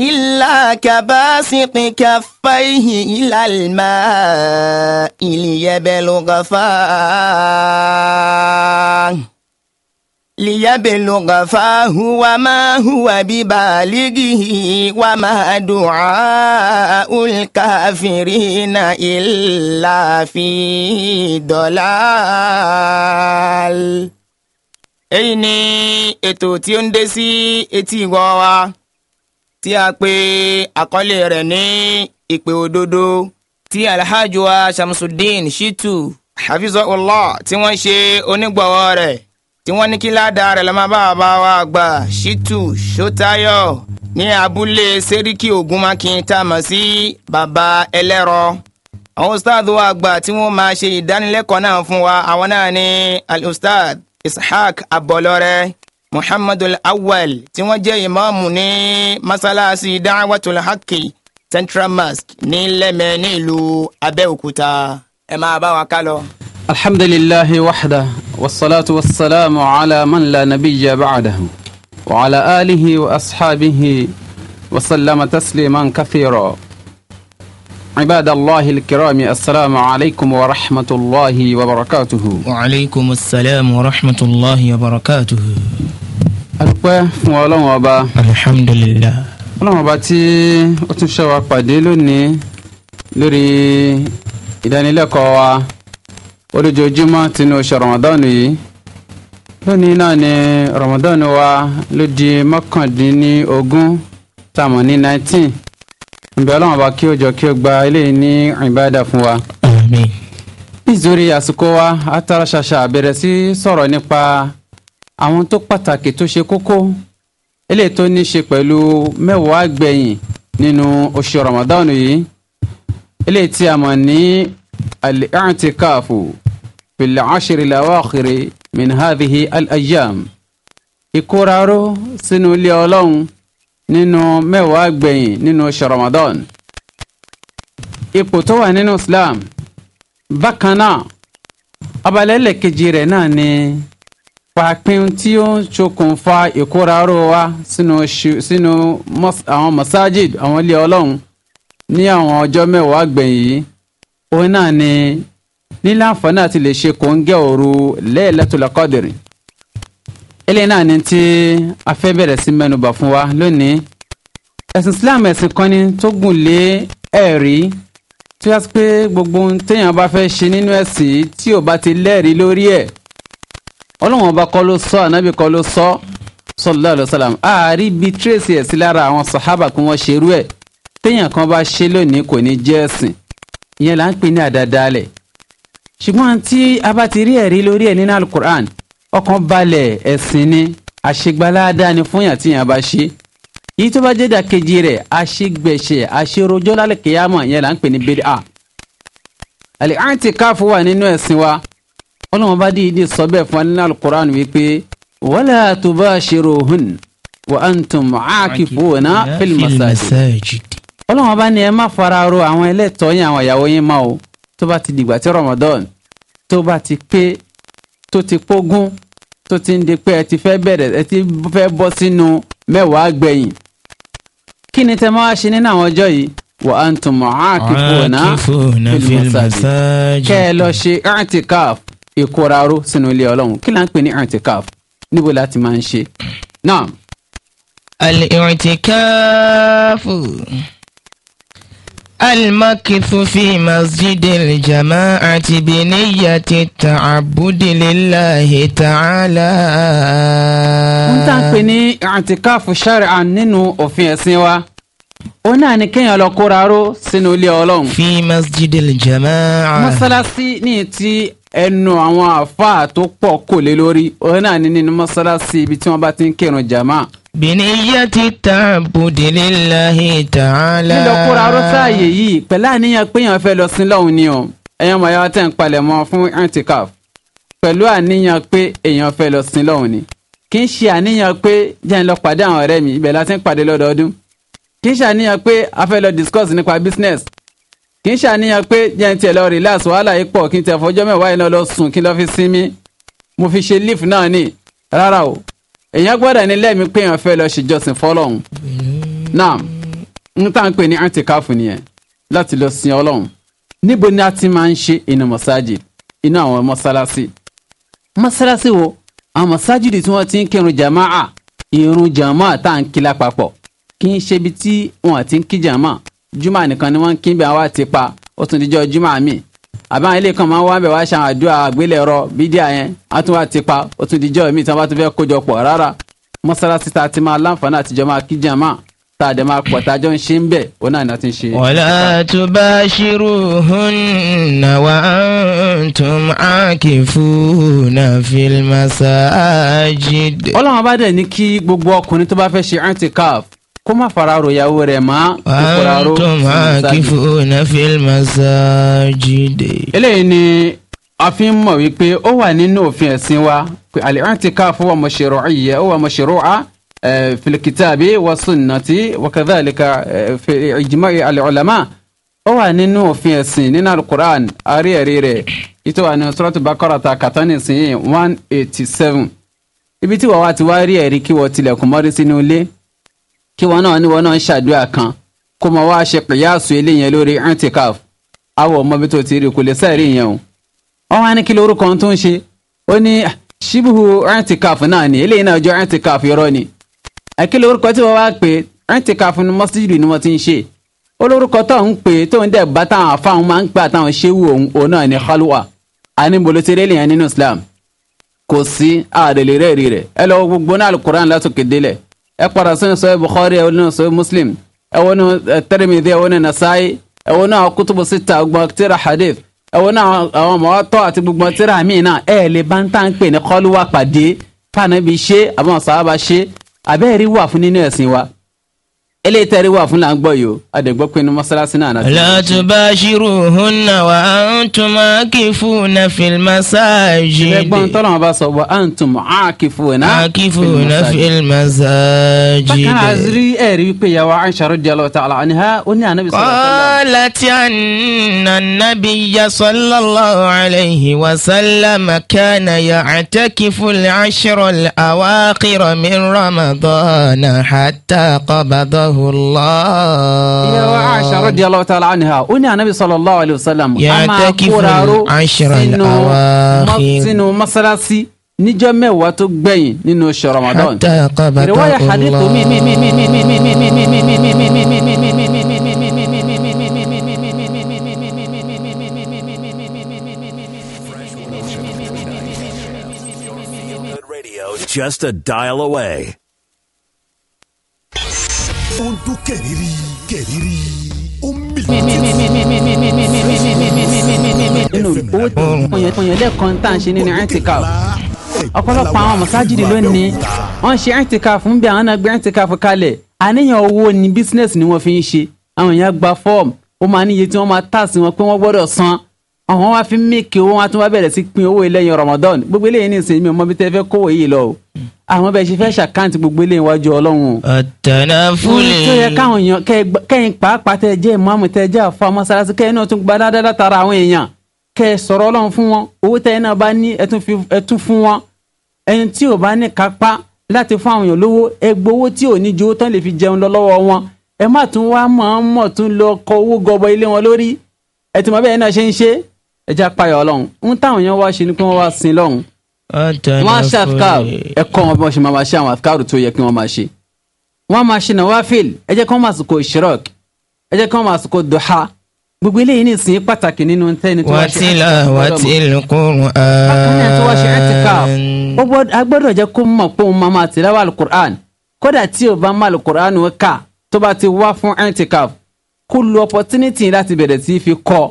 إلا كباسط كفيه إلى الماء ليبلغ فاه ليبلغ فاه وما هو ببالغه وما دعاء الكافرين إلا في ضلال èyí ni ètò tí ó ń dé sí etí ìwọ wa tí a pè àkọlé rẹ̀ ní ìpè òdodo tí alhaji wa shamsuddin shitu hafizahullah tí wọ́n ṣe onígbọ̀wọ́ rẹ̀ tí wọ́n ní kí ládàá rẹ̀ lọ́mọ bá bá wa gbà shitu sotayo ní abúlé seriki ogunmakin tá a mọ̀ sí baba ẹlẹ́rọ àwọn ustaad wa àgbà tí wọ́n máa ṣe ìdánilẹ́kọ̀ọ́ náà fún wa àwọn náà ní alustad ishaq abọlọrẹ muhammadul awwal tí wọ́n jẹ́ ìmáàmù ní masalasi da'watul haqqi central mosque ní lẹ́mẹ̀ ní ìlú abẹ́òkúta ẹ máa bá wa ká lọ. alhamdulillahi wahda wasalaatu wasalaamu ala man la nabiyya ba'dahu wa ala alihi wa ashabihi wa tasliman kathira. عباد الله الكرام السلام عليكم ورحمة الله وبركاته وعليكم السلام ورحمة الله وبركاته adúpẹ́ fún ọlọ́run ọba. alhamdulillah. ọlọ́run ọba tí ó tún ṣe wa pàdé lónìí lórí ìdánilẹ́kọ̀ọ́ wa olójoojúmọ́ tinú oṣù Ramadan yìí lónìí náà ni Ramadan wa ló di mọ́kàndínlógún tá ní nineteen nbẹ Ọlọ́run bá kí ó jọ kí ó gba eléyìí ní ìbáàdà fún wa. àmín. nítorí àsìkò wa atara ṣàṣà bẹ̀rẹ̀ sí sọ̀rọ̀ nípa àwọn tó pàtàkì tó ṣe kókó eléyìí tó ní ṣe pẹ̀lú mẹ́wàá gbẹ̀yìn nínú oṣù Ramadan yìí eléyìí tí a mọ̀ ní al-i'tikafu fil ashri al-awakhiri min hadhihi al-ayyam ìkóraró sínú ilé Ọlọ́run nínú mẹ́wàá gbẹ̀yìn nínú oṣù Ramadan ipò tó wà nínú Islam bákan náà abalẹ́lẹ̀ kejì rẹ̀ náà ni pàápín tí ó ń ṣokùnfà ìkóraró wa sínú àwọn masajid àwọn ilé ọlọ́run ní àwọn ọjọ́ mẹ́wàá gbẹ̀yìn òun náà ni níláǹfààní àti lè ṣe kòńgẹ́ òru Laylatul eléyìí náà ni tí a fẹ́ bẹ̀rẹ̀ sí mẹ́nubà fún wa lónìí ẹ̀sìn Islam ẹ̀sìn kan ni tó gùn lé ẹ̀rí tó yà sí pé gbogbo ohun téèyàn bá fẹ́ ṣe nínú ẹ̀sìn tí ò bá ti lẹ́rìí lórí ẹ̀ ọlọ́wọ́n ọba kọ́ ló sọ ànábì kọ́ ló sọ sallallahu alaihi wasallam ààrí bíi tírèsì ẹ̀ sí lára àwọn sàhábà kí wọ́n ṣerú ẹ̀ téèyàn kan bá ṣe lónìí kò ní jẹ́ ẹ̀sìn ìyẹn là ń pè ní àdàdálẹ̀ ṣùgbọ́n tí a bá ti rí ẹ̀rí lórí ẹ̀ nínú alukur'an ọkàn balẹ̀ ẹ̀sìn ni àṣegbáládá ni fún yàn tí yàn bá ṣe yìí tó bá jẹ́ ìdàkejì rẹ̀ àṣegbẹ̀ṣẹ̀ àṣerojọ́ lálẹ́ kìyàmọ̀ yẹn là ń pè ní bídà àlẹ́ àǹtí káfù wà nínú ẹ̀sìn wa ọlọ́run bá dìídì sọ bẹ́ẹ̀ fún wa nínú alukoran wípé wala tubashiruhun wa antum aakifuna fil masajid ọlọ́run bá ní ẹ má fara ro àwọn ẹlẹ́tọ̀ọ́ yín àwọn ìyàwó yín máa o tó bá ti dìgbà tí Ramadan tó bá ti pé tó ti pógún tó ti ń di pé ẹ ti fẹ́ bẹ̀rẹ̀ ẹ ti fẹ́ bọ́ sínú mẹ́wàá gbẹ̀yìn kí ni tẹ́ máa ṣe nínú àwọn ọjọ́ yìí wa antum aakifuna fil masajid kẹ́ ẹ lọ ṣe i'tikaf ìkóraró sínú ilé ọlọ́run kí là ń pè ní i'tikaf níbo láti máa ń ṣe náà. al-i'tikaf. المكث في مسجد الجماعة بنية التعبد لله تعالى. ń tàn pé ní àtìkáàfù ṣàrìà nínú òfin ẹ̀sìn wa ó náà ní kéèyàn lọ kóra ró sínú ilé ọlọ́run. fi masjid al-jamaa. mọ́sálásí ní ti ẹnu àwọn àáfàá tó pọ̀ kò lé lórí ó náà ní nínú mọ́sálásí ibi tí wọ́n bá ti ń kírun jàmáà bìníyàtì tààbùdì lillahi ta'ala. lílọ kóra arúsá ààyè yìí pẹ̀lú àníyàn pé èèyàn fẹ́ lọ sí lọ́hùn ni o ẹ̀yàn mọ̀ yàrá tẹ̀ ń palẹ̀mọ́ fún antikaf pẹ̀lú àníyàn pé èèyàn fẹ́ lọ sí lọ́hùn ni kì í ṣe àníyàn pé jẹ́ ń lọ pàdé àwọn ọ̀rẹ́ mi ibẹ̀ la ti ń pàdé lọ́dọọdún kì í ṣe àníyàn pé a fẹ́ lọ discuss nípa business kì í ṣe àníyàn pé jẹ́ ń tiẹ̀ lọ relax wàhálà yìí pọ̀ kí n tiẹ̀ fọjọ́ mẹ́wàá yìí lọ sùn kí n lọ fi sinmi mo fi ṣe leave náà ni rárá o èèyàn gbọ́dọ̀ ní lẹ́mí pé èèyàn fẹ́ lọ ṣèjọsìn fọlọ́hún náà n tá à ń pè ní àǹtíkáàfù nìyẹn láti lọ sin ọlọ́hún níbo ni a ti máa ń ṣe inú mọ́sáàjì inú àwọn mọ́sálásí mọ́sálásí wo àwọn mọ́sáàjì tí wọ́n ti ń kírun jàmáà irun jàmáà tá à ń kí lápapọ̀ kì í ṣe ibi tí wọ́n ti ń kí jàmáà jùmọ̀ nìkan ni wọ́n ń kí bí àwọn àti pa ó tún dijọ́ jùmọ̀ míì àbá ilé kan máa ń wá bẹ̀ wá ṣe àdúrà àgbélẹ̀rọ bídíà yẹn á tún wá ti pa ó tún di jọ́ mi tí wọ́n bá tún fẹ́ kójọ pọ̀ rárá mọ́sálásí ta ti máa láǹfààní àtijọ́ máa kí jàmá tá a dẹ̀ máa pọ̀ tá ń ṣe ń bẹ̀ ó náà náà ti ń ṣe. wala tubashiruhunna wa antum akifuna fil masajid. ọlọ́run bá dẹ̀ ní kí gbogbo ọkùnrin tó bá fẹ́ ṣe kó má fara ròyàwó rẹ̀ mọ́. antum akifuna fil masajid. eléyìí ni a fi ń mọ̀ wípé ó wà nínú òfin ẹ̀sìn wa pé al-i'tikafu huwa mashru'iyya huwa mashru'a fil kitabi wa sunnati wa kadhalika fi ijma'i al-ulama ó wà nínú òfin ẹ̀sìn nínú al-Qur'an ẹ̀rí rẹ̀ ìtò wà ní suratu Baqara ta kàtánì sí one eighty seven ibi tí wàá wá ti wá rí ẹ̀rí kí wọ́n tilẹ̀kùn mọ́rí sínú ilé kí wọn náà ní wọn náà ń ṣàdúrà kan kó máa wá ṣe pìyàsù eléyẹn lórí antikaf awọ ọmọbi tó ti rí kò lè sẹ́ẹ̀rí yẹn o wọn wá ní kí lórúkọ tó ń ṣe ó ní ah, ṣíbùhù antikaf náà ni eléyìí náà jọ antikaf irọ́ ni àkí lórúkọ tí wọ́n wá pè antikaf ní mọ́sídìrì ni wọ́n ti ń ṣe olórúkọ tó ń pè tó ń dẹ̀ bá táwọn afáwọn máa ń pè àtàwọn ṣéwù òun òun náà ní khalwa àníbolótéré lèyàn nínú Islam kò sí àdèlérè rẹ̀ ẹ lọ gbogbo náà alukuran látòkè délẹ̀ ẹ padà sínú sọ́yìn Bukhari ẹ wọ́n nínú sọ́yìn Muslim ẹ wọ́n nínú Tirmidhi ẹ wọ́n nínú Nasa'i ẹ wọ́n nínú àwọn kutubu sita ọgbọ́n tíra hadith ẹ wọ́n nínú àwọn mọ́tọ́ àti gbogbo tíra míì náà ẹ lè bá ń tà ń pè ní kọ́lùwà pàdé fànàbí ṣe àbọ̀n sábà ṣe àbẹ́ẹ̀rí wà fún nínú ẹ̀sìn wa eléyìí tẹ́rí wà fún làǹgbọ́ yìí o àdègbọ́ pinnu mọ́sálásí náà náà. la tubashiruhunna wa antum akifuna fil masajid. ẹgbọ́n tọ́lọ̀ wọn bá sọ wa antum akifuna. akifuna fil masajid. bákan àzírí ẹ̀rí wípé ìyàwó Aisha radiyallahu ta'ala anha ó ní ànábì sallallahu alaihi wasallam. qalat anna nabiyya sallallahu alayhi wa sallam kana ya'takifu al-ashra al-awakhira min ramadana hatta qabadahu. الله يا عائشة رضي الله تعالى عنها أنا النبي صلى الله عليه وسلم الأواخر just a dial away. ó ń dún kẹ̀rìírí kẹ̀rìírí ó ń mì. nínú owó kọ̀yàn lẹ́ẹ̀kan tá à ń ṣe nínú ẹ̀ǹtìkà ọ̀pọ̀lọpọ̀ àwọn mọ̀sájìdì lónìí wọ́n ń ṣe ẹ̀ǹtìkà fún bí àwọn náà gbé ẹ̀ǹtìkà fún kalẹ̀ àníyàn owó ni bísínẹ́sì ni wọ́n fi ń ṣe àwọn èèyàn gba fọ́ọ̀mù ó máa níye tí wọ́n máa tà sí wọn pé wọ́n gbọ́dọ̀ san àwọn wá fi míìkì owó wọn tún wá bẹ̀rẹ̀ sí pín owó ẹlẹ́yìn Ramadan gbogbo eléyìí ní ìsinmi ọmọ bíi tẹ́ fẹ́ kówó yìí lọ o àwọn bẹ́ẹ̀ ṣe fẹ́ ṣàkáǹtì gbogbo eléyìí wájú Ọlọ́run. ọ̀tẹ̀nà fúlẹ̀. tó yẹ káwọn èèyàn kẹ́yìn pàápàá tẹ jẹ́ ìmọ̀ọ́mù tẹ jẹ́ àfa mọ́sálásí kẹ́yìn náà tún gba dáadáa tara àwọn èèyàn kẹ́ sọ̀rọ̀ Ọlọ́run fún wọn owó tẹ́yìn ẹ tún fún wọn náà ṣe ń ṣe ẹ já payọ Ọlọ́run ń táwọn èèyàn wá ṣe ni pé wọn wá sin lọ́hùn wọn á ṣe àfikàr ẹ kọ́ wọn bí wọn ṣe máa ṣe àwọn àfikàr tó yẹ kí wọn máa ṣe wọn máa ṣe náà wá fèl ẹ jẹ́ kí wọn máa sùkò ìṣirọk ẹ jẹ́ kí wọn máa sùkò dùhà gbogbo eléyìí ní ìsìn pàtàkì nínú tẹni tó wá ṣe àtìkà tó wá kó mọ̀ pé òun máa máa tẹ̀lé wà alukur'an kódà tí o bá máa alukur'an ká tó bá ti wá fún àtìkà kó lu opportunity láti bẹ̀rẹ̀ sí fi kọ́ ọ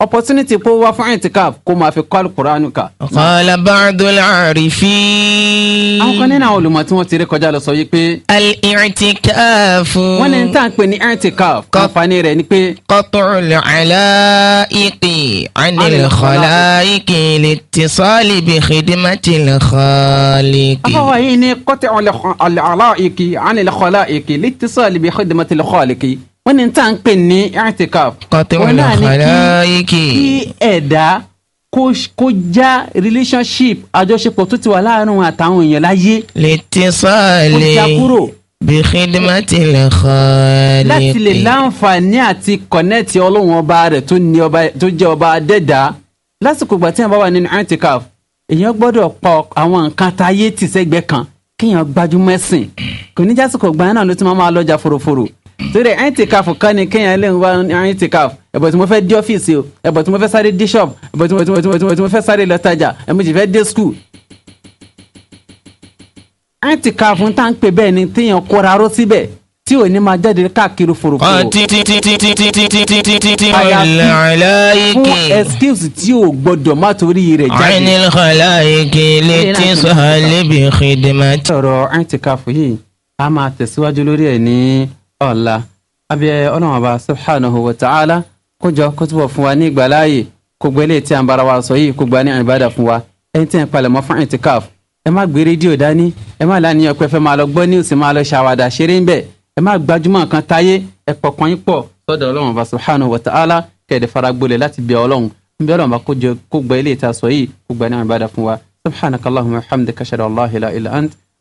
opportunity kó wá fún itikaf kó máa fi kọ́ alukur'an kà. qala ba'dul arifin. àwọn kan nínú àwọn olùmọ̀ tí wọ́n ti rí kọjá lọ sọ yìí pé. al-i'tikafu. wọ́n ní tá à ń pè ní i'tikaf. kọ́fàní rẹ̀ ni pé. qat'ul ala'iqi anil khala'iqi littisali bi khidmatil khaliqi. afọwọ́ yìí ni qat'ul ala'iqi anil khala'iqi littisali bi khidmatil khaliqi wọ́n ní tá à ń pè ní i'tikaf. kọ́tẹ́wọ̀n náà kọ́lá kí ẹ̀dá kó já relationship àjọṣepọ̀ tó ti wà láàárín wọn àtàwọn èèyàn láyé. lè ti sọ́ọ̀lì bí khidmati lè kọ́lé. láti lè láǹfààní àti kọ̀nẹ́ẹ̀tì ọlọ́run ọba rẹ̀ tó jẹ́ ọba adẹ́dá lásìkò ìgbà tí wọn bá wà nínú i'tikaf èèyàn gbọ́dọ̀ pa àwọn nǹkan táyé tì sẹ́gbẹ̀ẹ́ kan kéèyàn gbájúmọ́ ẹ̀sìn kò ní jásìkò gbà náà ló ti máa máa lọ́jà fòròfòrò torí ẹ̀yìn ti káfù kán ni kéèyàn lè ń wá ẹ̀yìn ti káfù ẹ̀bọ̀ tí mo fẹ́ dé ọ́fíìsì o ẹ̀bọ̀ tí mo fẹ́ sáré dé ṣọ́ọ̀bù ẹ̀bọ̀ tí mo fẹ́ sáré lọ tajà ẹ̀bọ̀ tí mo fẹ́ dé skul. ẹ̀yìn ti káfù ń tà ń pè bẹ́ẹ̀ ni téèyàn kóra ró síbẹ̀ tí ò ní máa jáde káàkiri fòròfòrò. àyàfi fún excuse tí ò gbọdọ̀ má torí rẹ̀ jáde. àìní kàláìkì lè ti sọ àlebi xidimati. ọ̀rọ̀ ẹ̀yìn ti káfù yìí a máa tẹ̀síwájú lórí ẹ̀ ní ọ̀la abẹ́ ọlọ́mọba subhanahu wa ta'ala kó jọ kó túbọ̀ fún wa ní ìgbàláàyè kó gbélé tí a ń bára wa sọ yìí kó gba ní ìbádà fún wa ẹni tí ń palẹ̀ mọ́ fún ìtìkáf ẹ má gbé rédíò dání ẹ má láníyàn pé fẹ́ máa lọ gbọ́ níwùsì máa lọ ṣàwàdà ṣeré ń bẹ̀ ẹ má gbajúmọ̀ nǹkan táyé ẹ pọkàn yín pọ̀ sọ́dọ̀ ọlọ́mọba subhanahu wa ta'ala kẹ̀dẹ̀ faragbolẹ̀ láti bẹ ọlọ́run ń bẹ ọlọ́mọba kó jọ kó gbélé tí a sọ yìí kó gba ní ìbádà fún wa subhanakallahumma wa hamdika ashhadu an la ilaha illa ant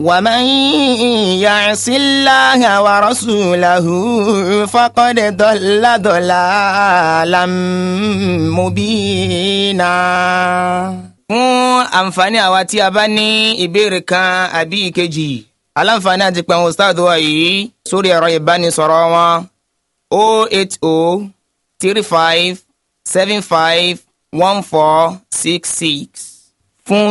ومن يعص الله ورسوله فقد ضل ضلالا مبينا fún àǹfààní àwa tí a bá ní ìbéèrè kan àbí ìkejì aláǹfààní àti pẹ̀lú ustaadu wa yìí sórí ẹ̀rọ ìbánisọ̀rọ̀ wọn o oh oh fún.